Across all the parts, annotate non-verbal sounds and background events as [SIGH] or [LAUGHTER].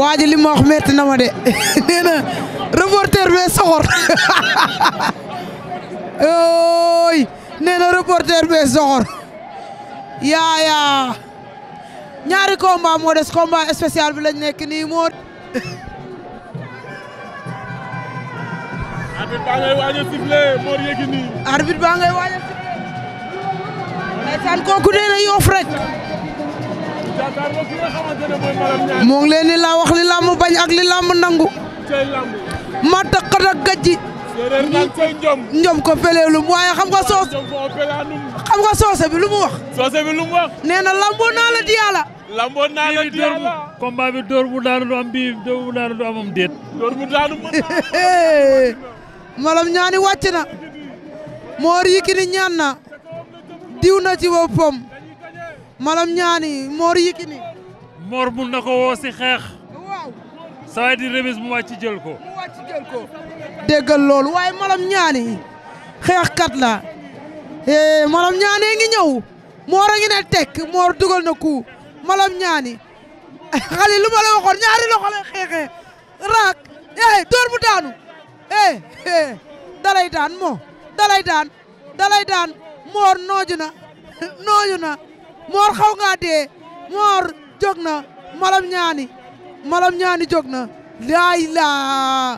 waa ji li ma na ma de [LAUGHS] nee na bee soxor [LAUGHS] ooy nee na bee soxor yaayaa ñaari combat moo des combat bi lañ nekk nii moo [LAUGHS] arbitre baa ngay waaj a sifflé Mor Yékini arbitre baa ngay waaj a sifflé kooku nee yoof rek moo ngi leen di la wax li làmb bañ ak li nangu. ma takkat ak gajji. ko peleelum waaye xam nga soos. xam nga soose bi lu mu wax. nee na lamboo naa la diyaala. lamboo naa la diyaala combat bi dóor bu daanu du am bii dóor bu daanu du amam déet. [LAUGHS] malam ñaani wàcc na. moor yi ñaan na. diw na ci boppam. malam ñaani Mor Yekini. Mor mun na ko woo xeex. waaw. saa di remis mu wàcc jël ko. mu wàcc loolu waaye malam ñaani xeexkat la eh, malam ñaani ngi ñaw Mor a ngi ne tekk Mor dugal na ku malam ñaani [LAUGHS] xale lu ma la ñaari loxo lay xeexee raak eh door mu daanu eh, eh dalay daan moo dalay daan dalay daan Mor nooju na [LAUGHS] nooju na. moor xaw ngaa dee moor jóg na malam ñaani malam ñaani jóg na laay laa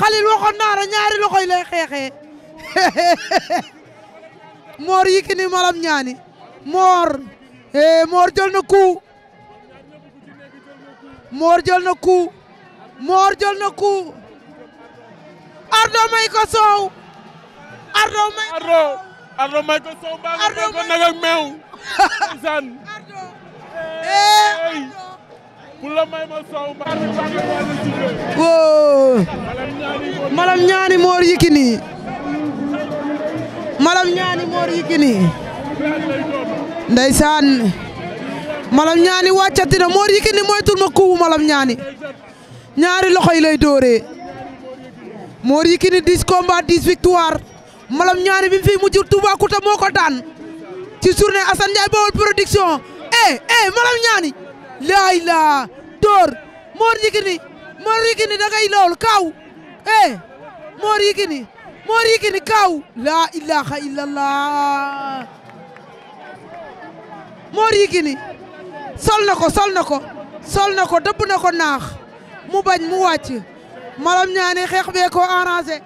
xalil waxoon naa la ñaari loxo [LAUGHS] moor yikini malam ñaani moor eh, moor moor jël na ku moor jël na ku ardo may ko soow ardo may ardo soow mbaa nga ko nag ndeysaan ey bu la may ma soow malam ñaani moor yikini malam ñaani moor yikini ndeysaan malam ñaani wàccati moor yikini mooy ma kuubu malam ñaani ñaari loxo yi lay dooree moor yikini 10 combats 10 victoire malam ñaani bi mu fi mujj Toubacouta moo ko daan ci journée Assane Ndiaye Baol production eh eh malam ñaani laay laa door Mor Yekini Mor Yekini dangay lool kaaw eh Mor Yekini Mor Yekini kaaw laa ilaaha illallah Mor Yekini sol na ko sol na ko sol na ko dëbb na ko naax mu bañ mu wàcc malam ñaani xeex bee ko arrangé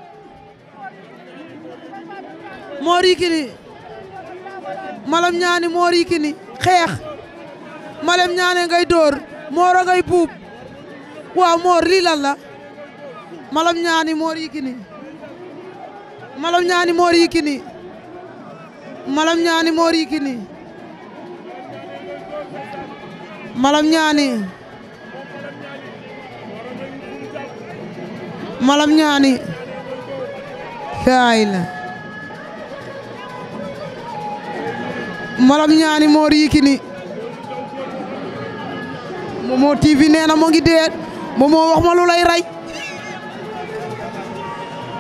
Mor Yekini malam ñaani moor yikini xeex malam ñaane ngay dóor moor a ngay buub waaw moor lii lan la malam ñaani moor yikini malam ñaani moor yikini malam ñaani moor yikini malam ñaani malam ñaani faayla maram ñaani moor yikini Momo TV nee moo ngi dee Momo wax ma lay rey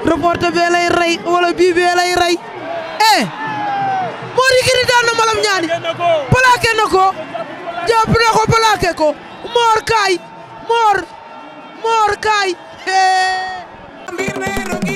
reporter bee lay rey wala bii bee lay rey eh moor yikini daan na ñaani plaqué na ko jàpp ko plaqué ko moor kaay moor moor kaay eh